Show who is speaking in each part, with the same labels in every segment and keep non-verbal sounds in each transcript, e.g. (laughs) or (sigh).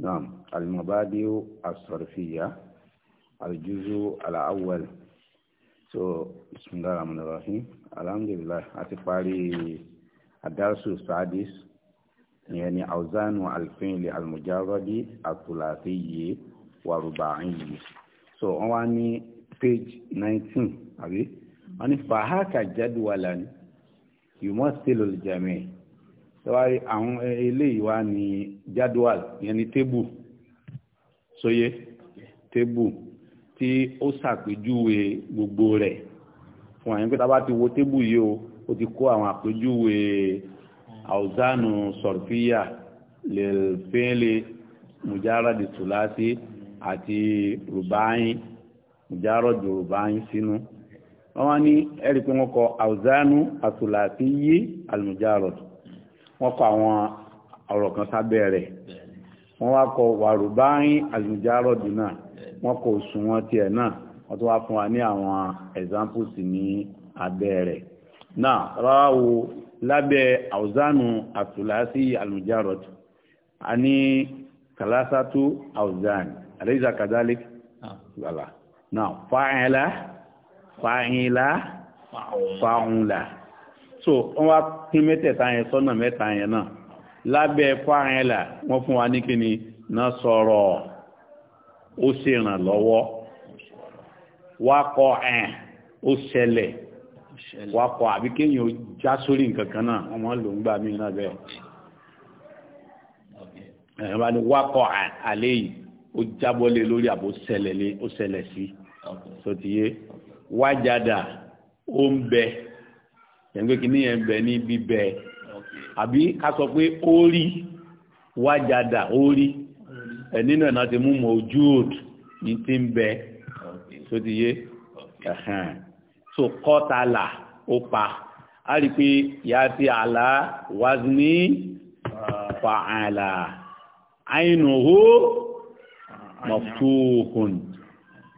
Speaker 1: نعم المبادئ الصرفية الجزء الأول so بسم الله الرحمن الرحيم الحمد لله أتفاري الدرس السادس يعني أوزان الفعل المجرد الثلاثي والرباعي so wọ́n ní page nineteen àbí wọ́n ní فهاك جدولا يمثل الجميع sọ́wárí àwọn eléyìí wá ní jadwal yẹn ni tébù sóyé tébù tí ó ṣàpèjúwe gbogbo rẹ̀ fún àyẹ̀pẹ́ tá ti wo tébù yìí o ó ti kó àwọn àpèjúwe àwùzánù sọ̀rọ̀fíyà lè fẹ́lẹ̀ mujaradi tùlásí àti rùbáyín mujaradi rùbáyín sínú wọ́n wá ní ẹ̀rí pé wọ́n kọ àwùzánù àtùlásí yí àlùmujaradi wọ́n kọ àwọn ọ̀rọ̀ kan sábẹ́ rẹ̀ wọ́n wá kọ wàrùbáyín àlùjárọ̀dù náà wọ́n kọ òṣùwọ̀n tiẹ̀ náà wọ́n tó wá fún wa ní àwọn examples ní abẹ́ rẹ̀ náà ráwo lábẹ́ àwùzánù àtùlásí àlùjárọ̀dù a ní kàlásátú àwùzán àlẹ́yìíṣà kàdálík wàlà náà fáìlà fáìlà fáìlà so wọ́n wá pín mẹ́tẹ̀ẹ̀ta yẹn sọ́nà mẹ́ta yẹn náà lábẹ́ fáàrẹ́là wọ́n fún wa ní kíni náà sọ̀rọ̀ ó ṣe ìrànlọ́wọ́ wakọ̀ ẹ̀ ó ṣẹlẹ̀ wakọ̀ àbí kéèyàn já sórí nǹkan kan náà wọ́n máa lò ń gbà mí náà bẹ́ẹ̀ ẹ̀ àlẹ́ yìí ó jábọ́lé lórí àbò ṣẹlẹ̀ sí sọtìyé wájàdà ó ń bẹ. yẹngbẹ́ kìíní yẹn bẹ ní bíbẹ àbí ká sọ pé ó rí wájàdà ó rí ẹ náà ti mú mọ̀ ojú òd ní ti ń bẹ tó ti yé so kọ́tàlà ó pa a rí pé ìyá ti àlá wáziní fàálà àìnùhó mọ̀túhùn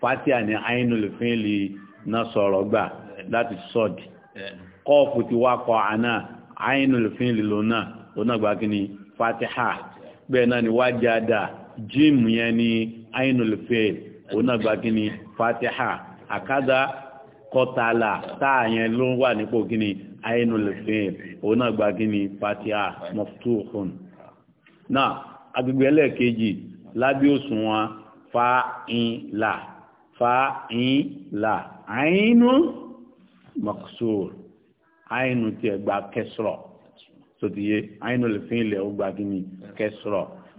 Speaker 1: fátíà ní àìnù lè fi ń lè náà sọ̀rọ̀ gbà láti sọ́ọ̀dì. kọ́ọ̀fù ti wá kọ àná àyínú lòfin lílo náà lónà gba na niwa fatiha bẹ́ẹ̀ náà ni wájàdà jíìmù yẹn ni àyínú lòfin lónà gba fatiha àkádà kọtàlà táà yẹn ló wà nípò kí àyínú lòfin fatiha náà fa in la fa in la àyínú maksur àìnù tiẹ̀ gba kẹsọ̀rọ̀ sotiye àìnù lè fi ilẹ̀ ó gba kíni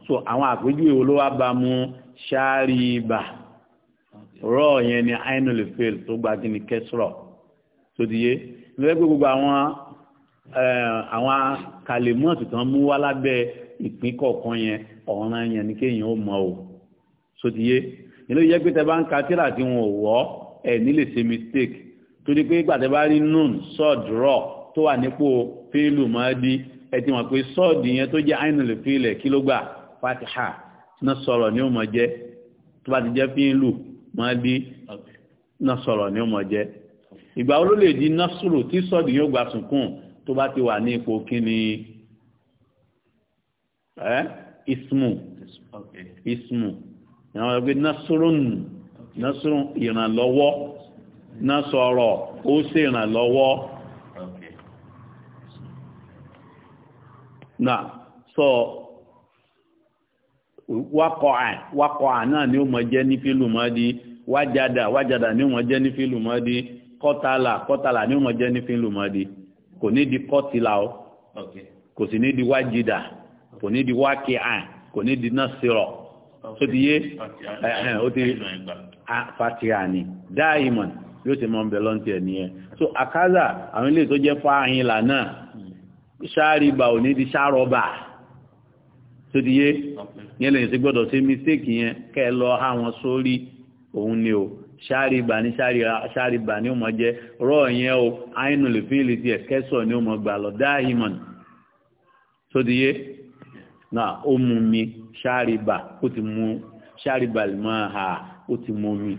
Speaker 1: so àwọn àpèjúwe wo ló wá bá mú ṣáàrì ibà rọ yẹn ni àìnù lè fi tó gba kíni kẹsọ̀rọ̀ sotiye lọ́dẹ́gbẹ́ gbogbo àwọn eh, àwọn kàlẹ́mọ́ọ̀tì tán mú wá lábẹ́ ìpín kọ̀ọ̀kan yẹn ọ̀ràn yẹn ni kéèyàn ó mọ̀ o sotiye nílò yẹ pé tẹ bá ń ka tíra tí wọn ò wọ́ ẹ̀ nílè ṣe mistake torí pé gbàtẹ́ bá rí nun sọ́ọ̀dù rọ̀ tó wà nípò fíìlù máa di ẹ ti mọ̀ pé sọ́ọ̀dù yẹn tó jẹ́ àìnù lè fíìlẹ̀ kí ló gbà fatiha ná sọ̀rọ̀ ni ó mọ̀ jẹ́ tó bá ti jẹ́ fíìlù máa di ná sọ̀rọ̀ ni ó mọ̀ jẹ́ ìgbà wo ló lè di násùrù tí sọ́ọ̀dù yóò gbà sùnkún tó bá ti wà ní ipò kíni ẹ́ ismu ismu ìrànlọ́wọ́ náà sọ̀rọ̀ ó ṣèrànlọ́wọ́ sọ wákọ̀á náà ni ó mọ jẹ́ ní fílù mọ́ di wájádà wájádà ni ó mọ jẹ́ ní fílù mọ́ kọ́tàlà ni ó mọ jẹ́ ní fílù mọ́ kò ní di kọ́tìlà o kò sì ní di wajida kò ní di wákìá kò ní di násìrọ̀ ti yé ó ti ni yóò ṣe mọ ń bẹ lọ́ntì ẹ̀ nìyẹn so àkàzà àwọn ilé tó jẹ́ fáhìn lànà ṣáàrìbà ò ní di ṣáàrọ̀bà tó di yé yẹn lè ṣe gbọ́dọ̀ ṣe mistake yẹn kẹ́ ẹ lọ há wọn sórí òun ni o ṣáàrìbà ní ṣáàrìbà ní ọmọ jẹ rọ yẹn o àìnù lè fi lè tiẹ̀ kẹ́sọ̀ ní ọmọ gbà lọ dáhìmọ̀n tó di yé náà ó mú mi ṣáàrìbà ó ti mú ṣáàrìbà lè máa hà ó ti mú mi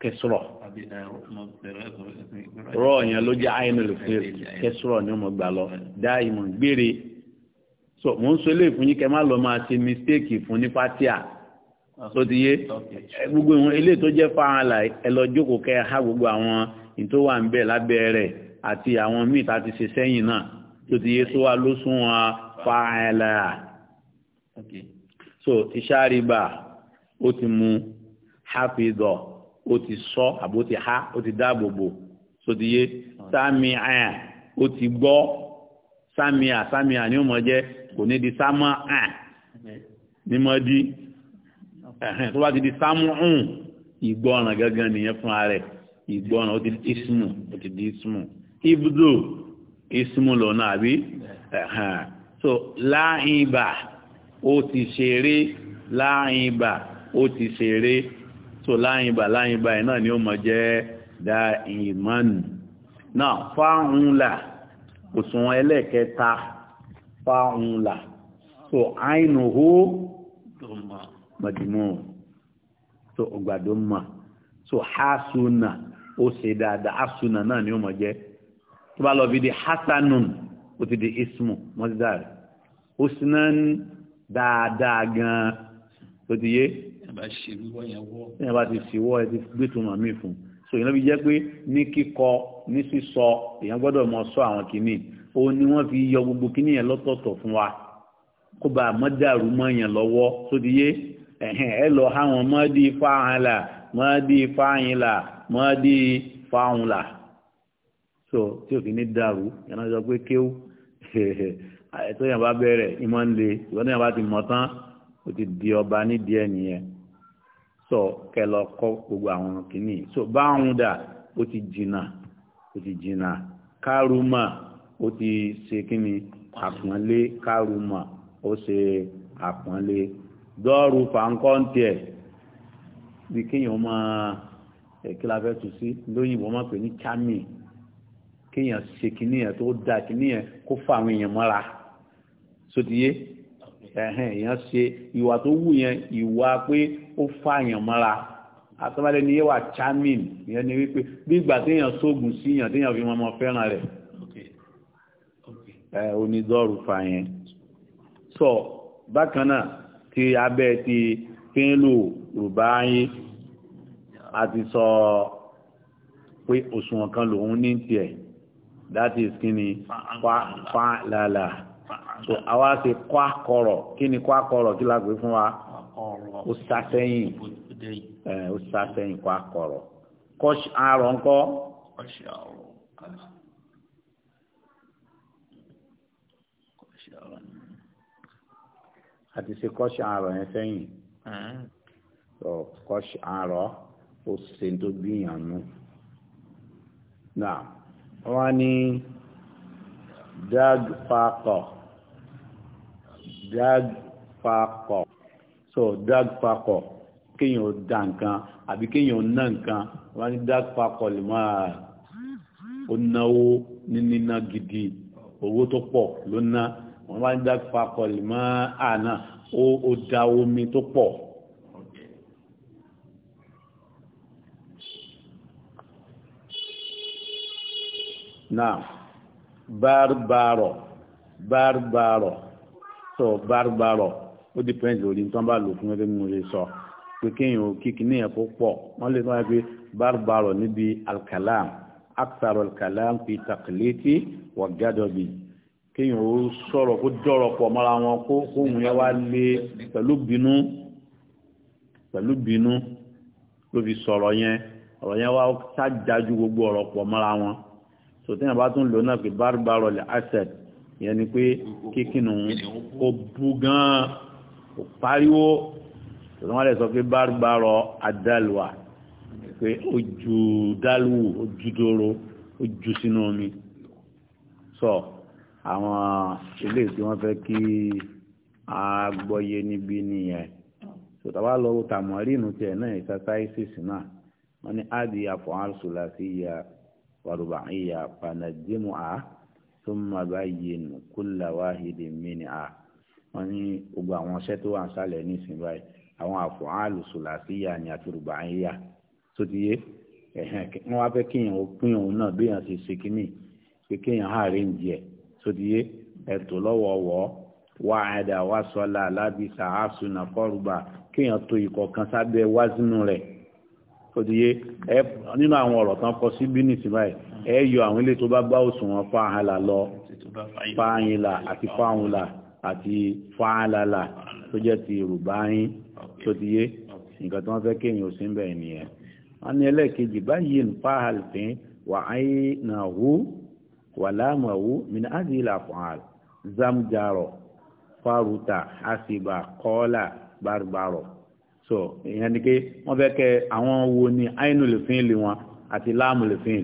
Speaker 1: kẹsùrọ̀ rọ yẹn ló jẹ́ àyẹnulù fèrè kẹsùrọ̀ ni mo gbà lọ dáìmọ̀ gbére so mo ń sọ ilé ìfún yín kẹ má lọ máa ṣe mistake fún ní pátíà tó ti yé gbogbo ìwọn ilé tó jẹ́ fáhàlà ẹ lọ jókòó kẹ ha gbogbo àwọn ìtò wà ń bẹ lábẹ́ rẹ̀ àti àwọn míì tá ti ṣe sẹ́yìn náà tó ti yé tó wà ló sún wọn fáhàlà so ìṣàríbà ó ti mú hafidọ̀ ó ti sọ àbó ti ha ó ti dáàbò bò sotiye sami ẹ̀ ó ti gbọ́ sami à sami à ní ó mọ̀ jẹ́ kò ní di sámọ́ ẹ̀ ní mọ́ di ẹ̀hìn tó bá ti di sámú ọ̀hún ìgbọ́ràn gangan nìyẹn fúnra rẹ̀ ìgbọ́ràn ó ti di ismu ó ti di ismu ibùdó ismu lọ́nà àbí ẹ̀hìn so láàyìn ibà ó ti ṣeré láàyìn ibà ó ti ṣeré so láyìnbà láyìnbà ẹ̀ náà ni ó mọ̀ jẹ́ dá ìmọ̀nù náà fáhùnlà òṣùwọ̀n ẹlẹ́ẹ̀kẹta fáhùnlà so àìnùhó mọ̀dìmọ̀ so ọgbàdo mọ̀ so hasuna ó ṣe dáadáa hasuna náà ni ó mọ̀ jẹ́ tó bá lọ bí di hasanun ó ti di ismu mọ́sídàrí ó sinan dáadáa gan-an tó ti yé ní àbá ti fi wọ́ ẹ ti gbé túmọ̀ mí fún so ìyẹn ló fi jẹ́ pé ní kíkọ ní sísọ èèyàn gbọ́dọ̀ mọ sọ àwọn kìíní òun ni wọ́n fi yọ gbogbo kìíní yẹn lọ́tọ̀ọ̀tọ̀ fún wa kó bá mọ́ dàrú mọ́ yẹn lọ́wọ́ sódi yé ẹ lọ háwọn mọ́ di fáhàn là mọ́ di fáhìn là mọ́ di fáhùn là so tí òfin ní dàrú yẹn náà sọ pé kéwù (laughs) ẹ̀ẹ́dẹ́gbẹ̀rẹ̀ ìmọ̀ ń le ìwọ́n náà bá ti mọ̀ tán ó ti di ọba nídìí ẹ̀ nìyẹn sọ kẹlọ kọ gbogbo àwọn kìíní so báwọn dà ó ti jìnnà ó ti jìnnà kárùmà ó ti ṣe kíni àpọ́nlé kárùmà ó ṣe àpọ́nlé dọ́ọ̀rù fàǹkọ́ńtìẹ̀ bí kéèyàn máa ẹ̀kí la fẹ́ tù sí lóyìnbó máa pè ní chami kéèyàn ṣe kíní yẹn tó dáa kíní yẹn kó fa àwọn èèyàn mọ́ra sótìyé. So, ẹ̀hìn èèyàn ṣe ìwà tó wù yẹn ìwà pé ó fààyàn mọ́ra àtọ́mọ́lẹ́ ni yẹ́wà chamin ìyẹn ni wípé bí ìgbà téèyàn sógun sí yàn téèyàn fi mọ́mọ́ fẹ́ràn rẹ̀ ẹ̀ onídọ́rù fa yẹn sọ bákan náà ti abẹ́ ti pínlù rùbáyé àti sọ pé òṣùwọ̀n kan lòun ní tiẹ̀ that is kí ni fa lálàá so àwa ṣe kọ́ akọ̀rọ̀ kí ni kọ́ akọ̀rọ̀ kí la gbé fún wa ó sàsẹ́yìn ó sàsẹ́yìn kọ́ akọ̀rọ̀ kọ́ àrọ̀ ńkọ́ àti ṣe kọ́ àrọ̀ yẹn sẹ́yìn so kọ́ àrọ̀ ó ṣe tó gbìyànjú wọ́n ní dáàbò pàápàá drag fakọ̀ so drag fakọ̀ kéèyàn da nǹkan àbí kéèyàn ná nǹkan wọ́n ní drag fakọ̀ lè máa ó náwó ní níná gidi owó tó pọ̀ ló ná wọ́n bá ń drag fakọ̀ lè máa àná ó da omi tó pọ̀. náà bárbàrọ̀ bárbàrọ̀ sọ bárúbárọ̀ ó depend lórí tí wọ́n bá lò fún ẹgbẹ́ mo ṣe sọ pé kéèyàn kíkiní yẹn kó pọ̀ wọ́n lè máa fi bárúbárọ̀ níbi alkalam akthar alkalam fi taqliti wa gadabi kéèyàn ó sọ̀rọ̀ kó dọ̀rọ̀ pọ̀ mọ́ra wọn kó kóhun yẹn wá lé pẹ̀lú bínú pẹ̀lú bínú ló fi sọ̀rọ̀ yẹn ọ̀rọ̀ yẹn wá ṣáájú gbogbo ọ̀rọ̀ pọ̀ mọ́ra wọn sòtẹ́yìn bá tún lò náà pé bárúbárọ̀ lè asset ìyẹn ni pé kíkínú kó bú gan-an kó pariwo tọ́lọ́wọ́ alẹ́ sọ pé bárúbárọ̀ adálùwà pé ojú dálùwù ojú dóró ojú sínú omi sọ àwọn eléyìí tí wọ́n fẹ́ kí agbọ́yé níbí nìyẹn sọtàbá lọ wo tàmọ́rìnù tiẹ̀ náà exercises náà wọ́n ní ádìyà fọ́nrán sùlá sí ìyá wàrúbà ìyá panajimu a thumma bayyin kulla wahidin minha wọ́n ní gbogbo àwọn iṣẹ́ tó wà ń sálẹ̀ nísìnyí báyìí àwọn àfọ̀hálù sùlàsíyà ni àti rùbáyíyà tó ti yé wọ́n wá fẹ́ kéèyàn pín òun náà bí èèyàn ṣe ṣe kínní pé kéèyàn àárẹ̀ǹjì ẹ̀ tó ti yé ẹ̀tọ́ lọ́wọ́wọ́ wá ẹ̀dà wá sọ́la lábìsà àásùnà kọ́rùbà kéèyàn tó ìkọ̀ọ̀kan sábẹ́ wázínú rẹ̀ òdìye ẹ nínú àwọn ọ̀rọ̀ tán kọ sí bínú sí báyìí ẹ yọ àwọn ilé tó bá bá òṣùwọ̀n fáhàlà lọ fáhìnlà àti fáhùnlà àti fáhàlàlà tó jẹ́ ti yorùbá yín òdìye nǹkan tí wọ́n fẹ́ kéèyàn òsín bẹ́ẹ̀ nìyẹn wọ́n ní ẹlẹ́ẹ̀kejì báyìí ń fáhàlfin wà áyé nà hú wà láàmú àwú mìíràn á di ìlà fàál zamjaro faruta hasiba kọ́lá barbaro so ìyẹn ni pé wọ́n fẹ́ kẹ àwọn wo ni àìnù lè fín lè wọn àti láàmù lè fín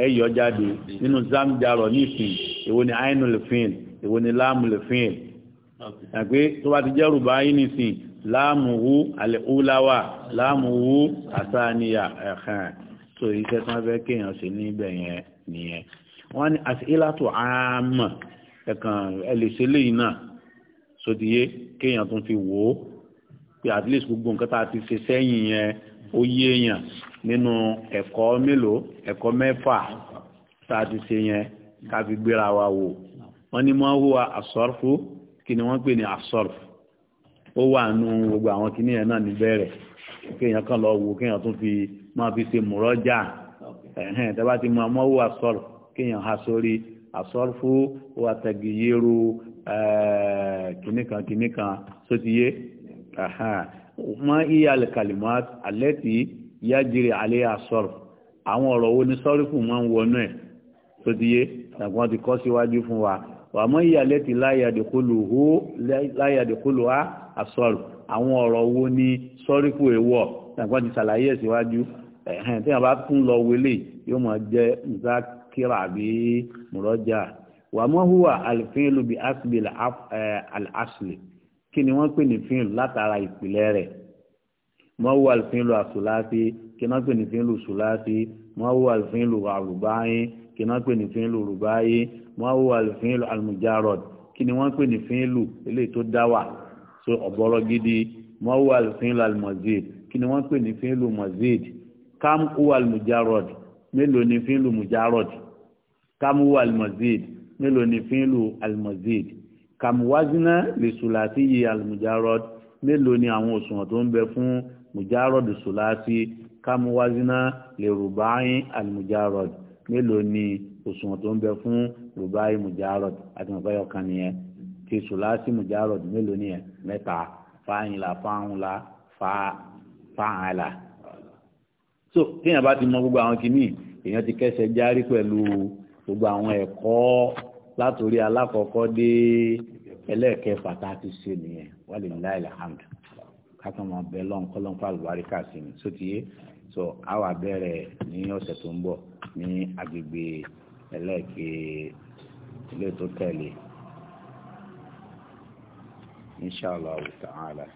Speaker 1: ẹ yọ jáde nínú zamjarọ nísìn èwo ni àìnù lè fín èwo ni láàmù lè fín àgbé tó bá ti jẹ́ rùbá yín nísìn láàmù wú àlẹ́ úláwà láàmù wú àsáníyà ẹ̀hàn so iṣẹ́ tí wọ́n fẹ́ kéèyàn ṣe níbẹ̀ yẹn nìyẹn wọ́n ní àsìlátò àmọ̀ ẹ̀kàn ẹ̀lẹ́sẹ̀lẹ́yìn náà sódìyé kéèyàn tún fi wò ó pé at least gbogbo nǹkan tá a ti ṣe sẹ́yìn yẹn ó yé èèyàn nínú ẹ̀kọ́ mélòó ẹ̀kọ́ mẹ́fà tá a ti ṣe yẹn ká fi gbéra wa wò wọ́n ní mọ́ hùwà àsọ́rfù kí ni wọ́n pè ní àsọ́rfù ó wà nù gbogbo àwọn kìíní yẹn náà níbẹ̀rẹ̀ kéèyàn kan lọ wò kéèyàn tún fi máa fi ṣe mùrọ́jà ẹ̀hẹ́n tẹ́bá ti mọ́ mọ́ hùwà àsọ́rfù kéèyàn ha sórí àsọ́rfù ó wà tẹ̀gìyẹ́rù eh, kìíní kan kìíní kan sótìyé mọ iye alikalimat alẹ́tì yájiri alẹ́ asọ́rọ̀ àwọn ọ̀rọ̀ wo ni sọ́rífù máa ń wọnú ẹ̀ tó ti yé tàbí wọ́n ti kọ́ síwájú fún wa wà mọ iye alẹ́tì láyàdìkúlù á asọ́rọ̀ àwọn ọ̀rọ̀ wo ni sọ́rífù èèwọ̀ tàbí wọ́n ti ṣàlàyé ẹ̀ síwájú ẹ̀hẹ́n tí wọ́n bá tún lọ wọlé yóò máa jẹ́ nzákírà àbí mùrọ́jà wà mọ́ hùwà alìfínlùbí asìlè kí ni wọ́n pè ní fíìlù látara ìpìlẹ̀ rẹ̀ mọ́ wà fíìlù àsùláṣí kí wọ́n pè ní fíìlù sùláṣí mọ́ wà fíìlù àrùbáyé kí wọ́n pè ní fíìlù rùbáyé mọ́ wà fíìlù almujarad kí ni wọ́n pè ní fíìlù eléyìí tó dá wà so ọ̀bọ̀rọ̀ gidi mọ́ wà fíìlù almazid kí ni wọ́n pè ní fíìlù mazid kam wà almujarad mélòó ni fíìlù mujarad kam wà almazid mélòó ni fíìlù almazid kàmùwájínà lè sùlàsí yìí àlùmùjárọd mélòó ni àwọn òṣùwọ̀n tó ń bẹ fún mùjárọd sùlàsí kàmùwájínà lè rùbáyín àlùmùjárọd mélòó ni òṣùwọ̀n tó ń bẹ fún rùbáyín mùjárọd àti mọ̀fẹ́yọ̀ kan nìyẹn ti sùlàsí mùjárọd mélòó nìyẹn mẹ́ta fáyín la fáhùn la la so téèyàn bá ti mọ gbogbo àwọn kìíní èèyàn ti kẹsẹ̀ járí pẹ̀lú gbogbo àwọn ẹ̀kọ́ látòrí alákọ̀ọ́kọ́ dé ẹlẹ́ẹ̀kẹfà tá a ti ṣe nìyẹn walillahi alhamd kákan máa bẹ lọ́n kọ́lọ́n fún àlùbáríkà sí mi sótìyé so àwa bẹ̀rẹ̀ ní ọ̀sẹ̀ tó ń bọ̀ ní agbègbè ẹlẹ́ẹ̀kẹ ilé tó tẹ̀lé inshallah ta'ala.